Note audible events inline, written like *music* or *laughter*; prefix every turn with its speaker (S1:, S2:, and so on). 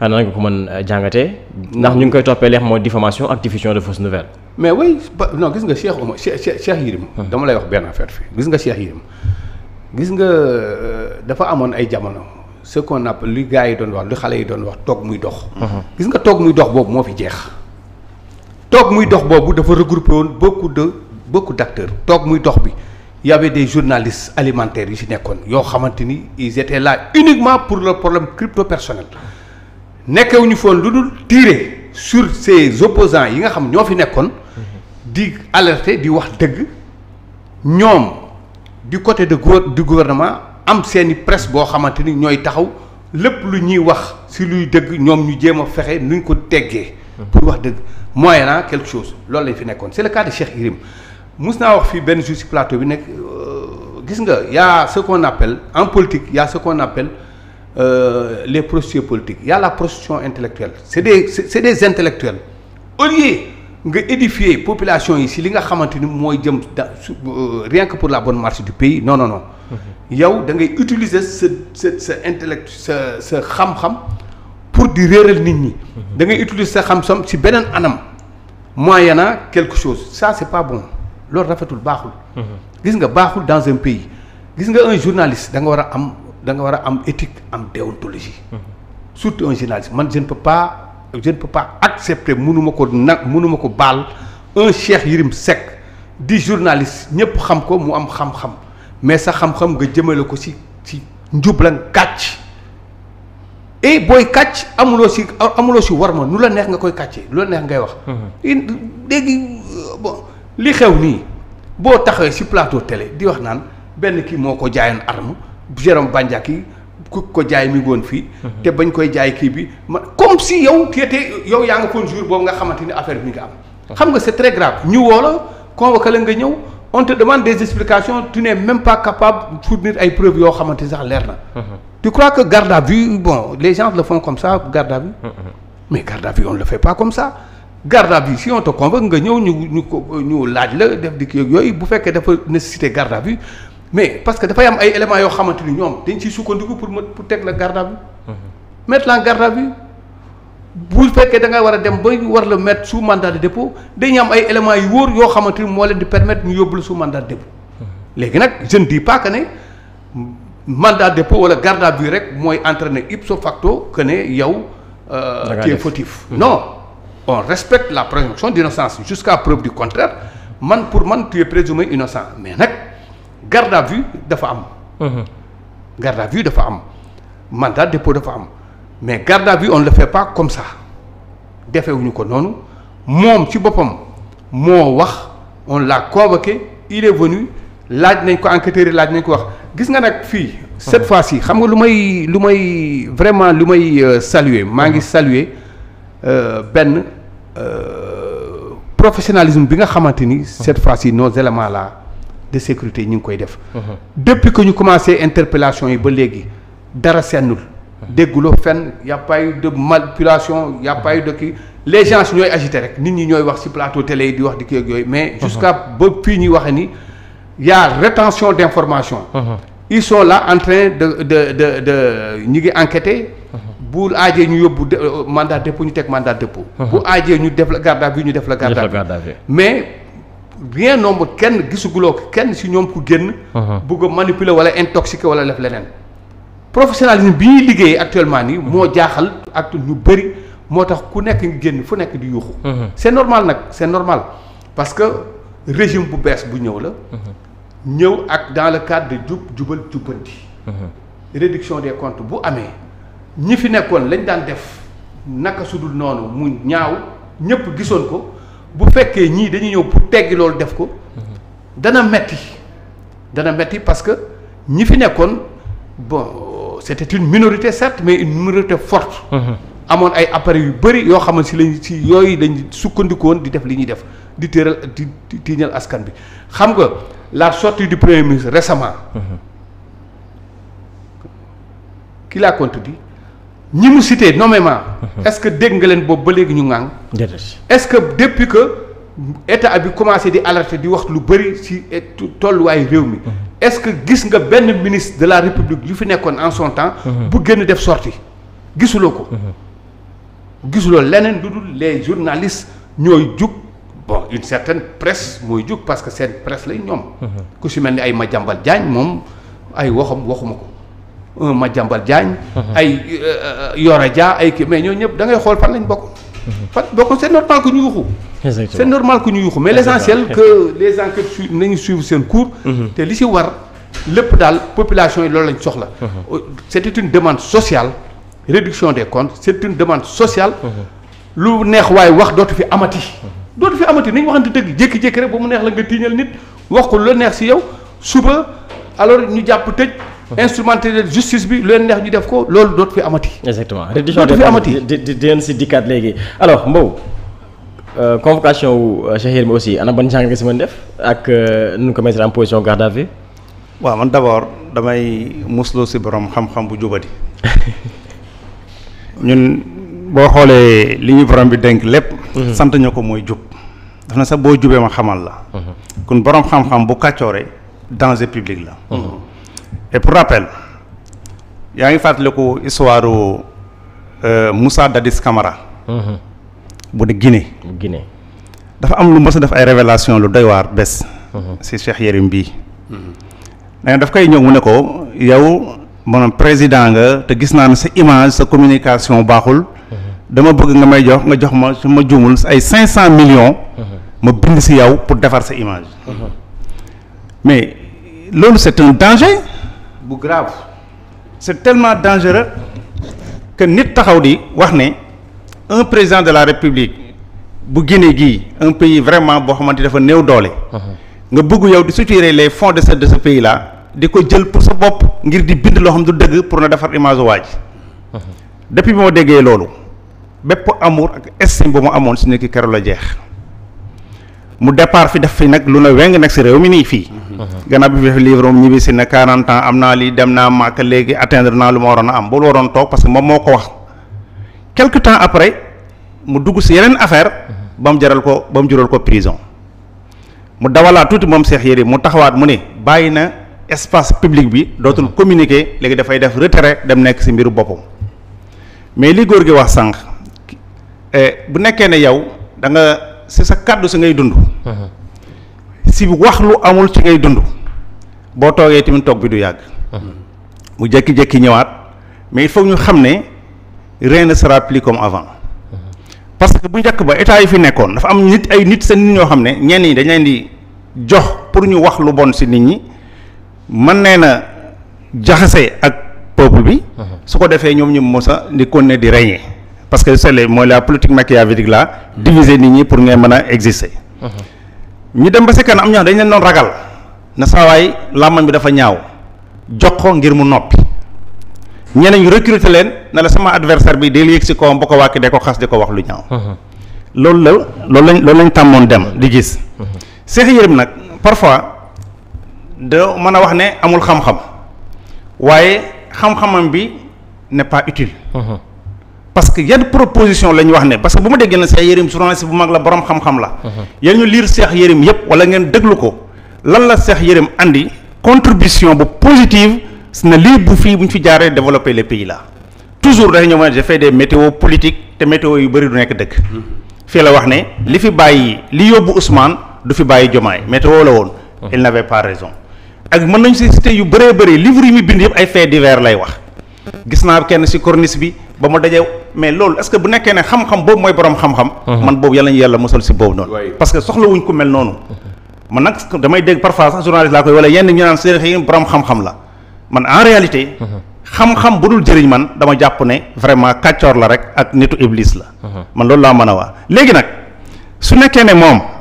S1: nan nga ko mën euh, jàngatee ndax ñu ngi koy toppee leex moo diffamation ak diffusion de fausse nouvelle.
S2: mais oui non gis nga Cheikh Oumar Cheikh Cheikh Yérim hmm. dama lay wax benn affaire fi gis nga Cheikh Yérim gis nga euh, dafa amoon ay jamono ce qu'on appelle lu yi doon wax lu xale yi doon wax toog muy dox. Hmm. gis nga toog muy dox boobu moo fi jeex. toog muy dox boobu dafa regroupé woon beaucoup de beaucoup d'acteurs toog muy dox bi. y avait des journalistes alimentaires yu si nekkoon yoo xamante ni ils étaient là uniquement pour le problème crypto personnel nekkewuñu foon lu dul tirer sur ces opposants yi nga xam ñoo fi nekkoon di alerte di wax dëgg ñoom di côté de du gouvernement am seeni presse boo xamante ni ñooy taxaw lépp lu ñuy wax si luy dëgg ñoom ñu jéem a fexe nuñ ko teggee. pour wax dëgg moyennant quelque chose loolu lañ fi nekkoon c'est le cas de mus naa wax fii benn jour si plateau bi nekk euh, gis nga yaa a ce en politique yaa a ce euh, les prostituées politiques il la prostitution intellectuelle c'est des c'est des intellectuels au nga édifier population yi si li nga xamante ni mooy jëm da euh, rien que pour la bon marche du pays non non mhm. yow da ngay utiliser sa sa sa sa sa xam-xam pour di réeral nit ñi mhm. da ngay utiliser sa xam-xam si beneen anam moyennant quelque chose ça c'est pas bon loolu rafetul baaxul mhm. gis nga baaxul dans un pays gis nga un journaliste da nga war a am da nga war a am éthique am déontologie. surtout un journaliste man je ne peux pas je ne peux accepter mënuma ko nag mënuma ko baal un Cheikh Yérim Seck di journaliste ñëpp xam ko mu am xam-xam mais sax xam-xam nga jëmale ko ci ci njublan kàcc et booy kàcc amuloo ci amuloo ci war ma nu la neex nga koy kàccee lu la neex ngay wax. Mhm. léegi euh, bon li xew nii boo taxawee ci plateau télé di wax naan benn kii moo ko jaayoon arme. Jérôme Bandiaki ku ko jaay mi woon fii. Mhm. te bañ koy jaay kii bi ma comme si yow téete yow yaa nga foon jour boobu nga xamante ni affaire bi nga am. Ah. xam nga c'est très grave ñu woo la convoqué la nga ñëw on te demande des explications tu n'es même pas capable de fournir ay preuves yoo xamante ni sax leer na. Mhm. tu crois que garde à vue bon les gens le font comme ça garde à vue. Mhm. mais garde à vue on le fait pas comme ça. garde à vue si on te convoque nga ñëw ñu ñu la def di kii bu fekkee dafa nécessité garde à vue mais parce que dafay am ay éléments yoo xamante ni ñoom dañ ciy sukkandiku pour pour teg la garde à vue mhm. mettre la garde à bu fekkee da nga war a dem ba war la mettre sous mandat de dépôt dañu am ay éléments yu wóor yoo xamante ni moo leen di permettre ñu yóbbu la sous mandat de dépôt mhm. léegi nag jeune di dis pas ne mandat de dépôt wala garde à rek mooy entre entraîner ipso facto que ne yow euh, tu es fautif mhm. non on respecte la présomption d'innocence jusqu'à preuve du contraire pour man tu es mais nag garde à vue dafa am. garde à vue dafa am mandat dépôt dafa am mais garde à vue on ne le fait pas comme ça defewuñu ko noonu moom ci boppam moo wax on l'a convoqué il est venu laaj nañ ko enquêteurs laaj nañ ko wax gis nga nag fii. set fois-ci xam nga lu may lu may vraiment lu may euh, saluer maa ngi saluer euh, benn euh, professionnalisme bi nga xamante ni. cette fois yi nos éléments là. de sécurité ñu ngi koy def. Mhm. depuis que ñu commencé interpellation yi ba léegi dara sennul. Mhm. dégguloo fenn y' a de manipulation y' a pas de kii les gens ñooy agité rek nit ñi ñooy wax ci plateau télé yi di wax di kii ak yooyu mais. Mhm. jusqu'à ba fii ñuy waxee ni y' a rétention d' information. ils la là de de de de ñu ngi enquêter. bu aajee ñu yóbbu euh, mandat dépôt ñu teg mandat dépôt. bu aajee ñu def la garde bi ñu def la garde à vue mais. bien nombre kenn gisuguloo kenn si ñoom ku génn. Uh-huh. bugg a manipuler wala intoxiquer wala def leneen. professionnalisme bi ñuy liggéeyee actuellement nii moo jaaxal ak ñu bëri moo tax ku nekk ngi génn fu nekk di yuuxu. Uh-huh. c'est normal nag c'est normal parce que régime bu bees bu ñëw la.
S1: Uh-huh.
S2: ñëw ak dans le cadre de jub jubal jubbanti. réduction des comptes bu amee ñi fi nekkoon lañ daan def naka sudul noonu mu ñaaw ñëpp gisoon ko. bu fekkee ñii dañu ñëw pour teggi loolu def ko dana metti dana metti parce que ñi fi nekkoon bon c'était une minorité certes mais une minorité forte mm-hmm. amoon ay appareils yu bëri yoo xamante si lañ si yooyu lañ sukkandikoon di def li ñuy def di téeral di tiiñal askan bi xam nga la sortie du premier ministre récemment mm-hmm. qui l'a contredit ñi mu cité nommément mhm. est-ce que dégg nga leen boobu ba léegi ñu ŋàng est-ce que depuis que état bi commencé di alerter di wax lu bëri ci tolluwaayu réew mi mhm. est-ce que gis nga benn ministre de la république yu fi nekkoon en son temps mhm. bu génn def sortie gisuloo ko gisuloo leneen lu dul les journalistes ñooy jug bon une certaine presse mooy jug parce que seen presse lay ñoom ku si mel ni ay ma Madiambal Diagne moom ay waxam waxuma ko ma Madiambal Diagne. Mhm. ay euh, Yoro Dia ay kii mais ñoo ñëpp da ngay xool fan lañ bokk. Mhm. fan bokk c'est normal que ñu yuuxu. c'est normal que ñu yuuxu mais l'essentiel que les enquêtes su nañu suivre seen cours. Mhm. te li ci war lépp daal population yi loolu lañ soxla. Euh, c'était une demande sociale réduction des comptes c'est une demande sociale. lu neex waaye wax dootu fi amati. dootu fi amati nañ waxante dëgg jékki-jékki rek ba mu neex la nga tiiñal nit wax ko lu neex ci yow suba alors ñu jàpp tëj. Mhm. instrumentaliser justice bi lu leen neex ñu def ko loolu dootu fi amati. exactement dootu fi amati
S1: di di di leen si dikkaat léegi alors Mbow. Euh, convocation wu euh, Cheikh Yérim aussi ana ban jàng nga si mën def ak euh, nu ko mettre en position waaw man d' abord damay mosuloo si boroom xam-xam bu jubadi *laughs* ñun boo xoolee li ñuy borom bi dénk lépp. Mhm. sant ñu ko mooy jub. daf na sax boo jubee ma xamal la. Mhm. kon borom xam-xam bu kàccoore danger public la. et pour rappel yaa ngi fàttaliku histoire euh, Moussa Dadis Camara. Mhm. bu ne Guinée. Guinée dafa am lu ma a def ay révélation lu doy waar bés. Mhm. si Cheikh Yérim bii. da mhm. daf koy ñëw mu ne ko yow maanaam président nga te gis naa ne sa image sa communication baaxul. dama bëgg nga may jox nga jox ma su ma juumul ay cinq cent millions. ma bind si yow pour defar sa image. mais loolu c'est un danger. bu grave c'est telement dangereux que nit taxaw di wax ne un président de la république bu Guinée gii un pays vraiment boo xamante dafa néew doole nga bëgg yow di soutirer les fonds de ce de ce pays là di ko jël pour sa bopp ngir di bind loo xam du dëgg pour na defar image waaj depuis bi ma déggee loolu bépp amour ak estime bu ma amoon si nit ki keroog la jeex mu départ fi def fi nag lu ne weng nag si réew mi nii fii. Mhm. gannaaw bi fi livre moom ñibbi si ne 40 ans am naa lii dem naa màkk léegi atteindre naa lu ma waroon a am ba lu waroon toog parce que moom moo ko wax. quelque temps après mu dugg si yeneen affaire mhm. ba mu jaral ko ba mu jural ko prison mu dawalaat tuuti moom Cheikh Yérim mu taxawaat mu ne bàyyi na espace public bi dootul mhm. communiquer léegi dafay def retrait dem nekk si mbiru boppam mais li góor gi wax sànq eh, bu nekkee ne yow si sa kàddu si ngay dund si wax lu amul ci ngay dund boo toogee tamit toog bi du yàgg mu jékki-jékki ñëwaat mais il faut ñu xam ne rien ne sera plus comme avant parce que bu njëkk ba état yi fi nekkoon dafa am nit ay nit seen nit ñoo xam ne ñenn ñi dañ leen di jox pour ñu wax lu bon si nit ñi mën nee na jaxase ak peuple bi su ko defee ñoom ñu mos a di kon ne di reyee parce que c'est les mooy la politique machiavélique la diviser nit ñi pour ngay mën a exister. ñu dem ba si kanam am ñoo dañ leen doon ragal na saawaay làmmañ bi dafa ñaaw jox ko ngir mu noppi ñeneen ñu recruter leen ne la sama adversaire bi day yëg si kawam ba ko wàkki de ko xas di ko wax lu ñaaw. loolu la loolu lañ tàmmoon dem di gis. Cheikh Yérim nag parfois da mën a wax ne amul xam-xam waaye xam-xamam bi n'est pas utile. parce que yan proposition la ñu wax ne parce que bu ma déggee na Cheikh Yérim journaliste bu mag la borom xam-xam la. Mhm. yéen ñu lire Cheikh Yérim yëpp wala ngeen déglu ko lan la seex Yérim andi contribution bu positive na lii bu fii bu ñu fi jaaree développer le pays la toujours dañu ñëw ma je des météo politique te météo yu bëri du nekk dëkk. Mhm. fii la wax ne li fi bàyyi li yóbbu Ousmane du fi bàyyi Diomaye météo la woon. Mhm. il n'avait pas raison. ak mën nañu si cité yu bëree bëri livre yi muy bind yëpp ay faits divers lay wax gis naa kenn si corniche bi. ba ma dajee mais loolu est-ce que bu nekkee ne xam-xam boobu mooy borom xam-xam. Uh-huh. man boobu yàlla ñu yàlla mosal si boobu noonu. parce que soxlawuñ ku mel noonu. Uh-huh. man nag damay dégg parfois sax journaliste laa koy wala yenn ñu naan seen xëy xam-xam la man en réalité. Uh-huh. xam-xam bu dul jëriñ man dama jàpp ne vraiment kàccoor la rek ak nitu iblis la. man loolu laa mën a wax léegi nag su nekkee ne moom